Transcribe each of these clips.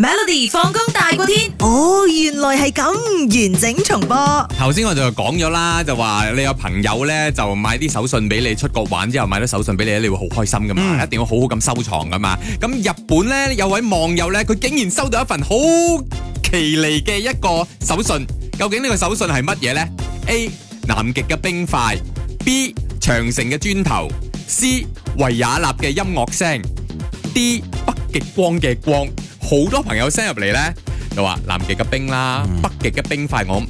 Melody 放工大過天，哦，原來係咁，完整重播。頭先我就講咗啦，就話你有朋友呢，就買啲手信俾你，出國玩之後買咗手信俾你，你會好開心噶嘛，嗯，一定要好好咁收藏噶嘛。咁日本呢，有位網友呢，佢竟然收到一份好奇離嘅一個手信，究竟呢個手信係乜嘢呢？A. 南極嘅冰塊，B. 長城嘅磚頭，C. 維也納嘅音樂聲，D. 北極光嘅光。好多朋友 send 入嚟咧，就話南極嘅冰啦，北極嘅冰塊我。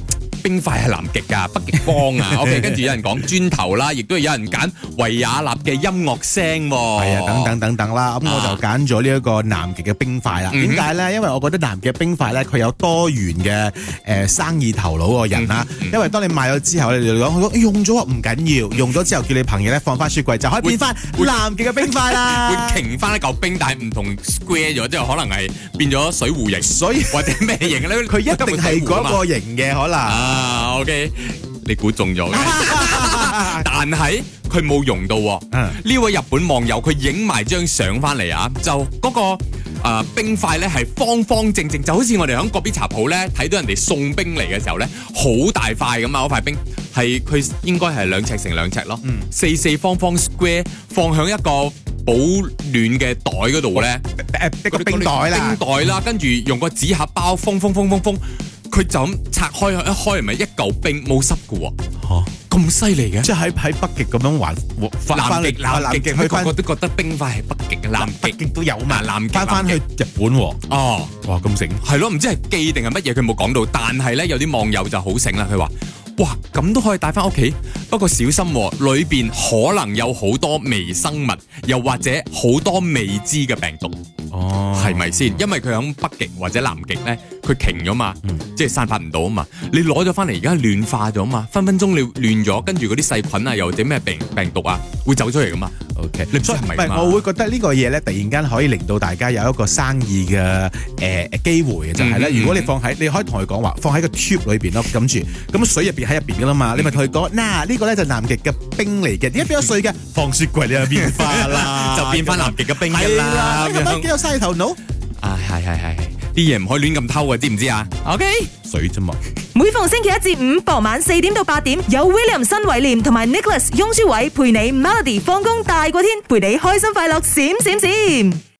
冰塊係南極㗎，北極光啊。OK，跟 住有人講磚頭啦，亦都有人揀維也納嘅音樂聲。係啊，等等等等啦。咁、啊、我就揀咗呢一個南極嘅冰塊啦。點解咧？因為我覺得南極嘅冰塊咧，佢有多元嘅誒生意頭腦嘅人啦、嗯嗯。因為當你買咗之後，我哋嚟講，佢用咗唔緊要，用咗之後叫你朋友咧放翻雪櫃，就可以變翻南極嘅冰塊啦。變成翻一嚿冰，但係唔同 square 咗之後，可能係變咗水壺型，所以或者咩型咧？佢一定係嗰個型嘅可能。啊、uh,，OK，你估中咗， 但係佢冇融到。嗯、uh.，呢位日本網友佢影埋張相翻嚟啊，就嗰、那個啊、呃、冰塊咧係方方正正，就好似我哋喺國冰茶鋪咧睇到人哋送冰嚟嘅時候咧，好大塊咁啊塊冰，係佢應該係兩尺乘兩尺咯，mm. 四四方方 square 放響一個保暖嘅袋嗰度咧，oh. 那個那個、冰袋、啊那個、冰袋啦，跟、mm. 住用個紙盒包，封封封封封。封封封。佢就咁拆開一開，係咪一嚿冰冇濕嘅、啊？喎，咁犀利嘅！即係喺喺北極咁樣玩，玩南極南極佢個個都覺得冰塊係北極嘅。南極，南北極都有啊南翻翻去日本喎、啊。哦，哇咁醒！係咯，唔知係寄定係乜嘢，佢冇講到。但係咧，有啲網友就好醒啦。佢話：哇，咁都可以帶翻屋企，不過小心、啊，裏面可能有好多微生物，又或者好多未知嘅病毒。哦。咪先？因為佢喺北極或者南極咧，佢瓊咗嘛，嗯、即係散發唔到啊嘛。你攞咗翻嚟，而家暖化咗啊嘛，分分鐘你亂咗，跟住嗰啲細菌啊，又或者咩病病毒啊，會走出嚟噶嘛。OK，你唔係係咪？我會覺得這個東西呢個嘢咧，突然間可以令到大家有一個生意嘅誒、呃、機會嘅，就係、是、咧，如果你放喺、嗯，你可以同佢講話，放喺個 tube 裏邊咯，噉住，咁水入邊喺入邊噶啦嘛，你咪同佢講，嗱、嗯，呢、啊這個咧就南極嘅冰嚟嘅，點解比較碎嘅、嗯？放雪櫃你就變化啦， 就變翻南極嘅冰啦。咁樣幾有嘥頭腦？係係係，啲嘢唔可以亂咁偷啊！知唔知啊？OK，水啫嘛。每逢星期一至五傍晚四點到八點，有 William 新偉廉同埋 Nicholas 雍舒偉陪你 Melody 放工大過天，陪你開心快樂閃閃閃。閃閃閃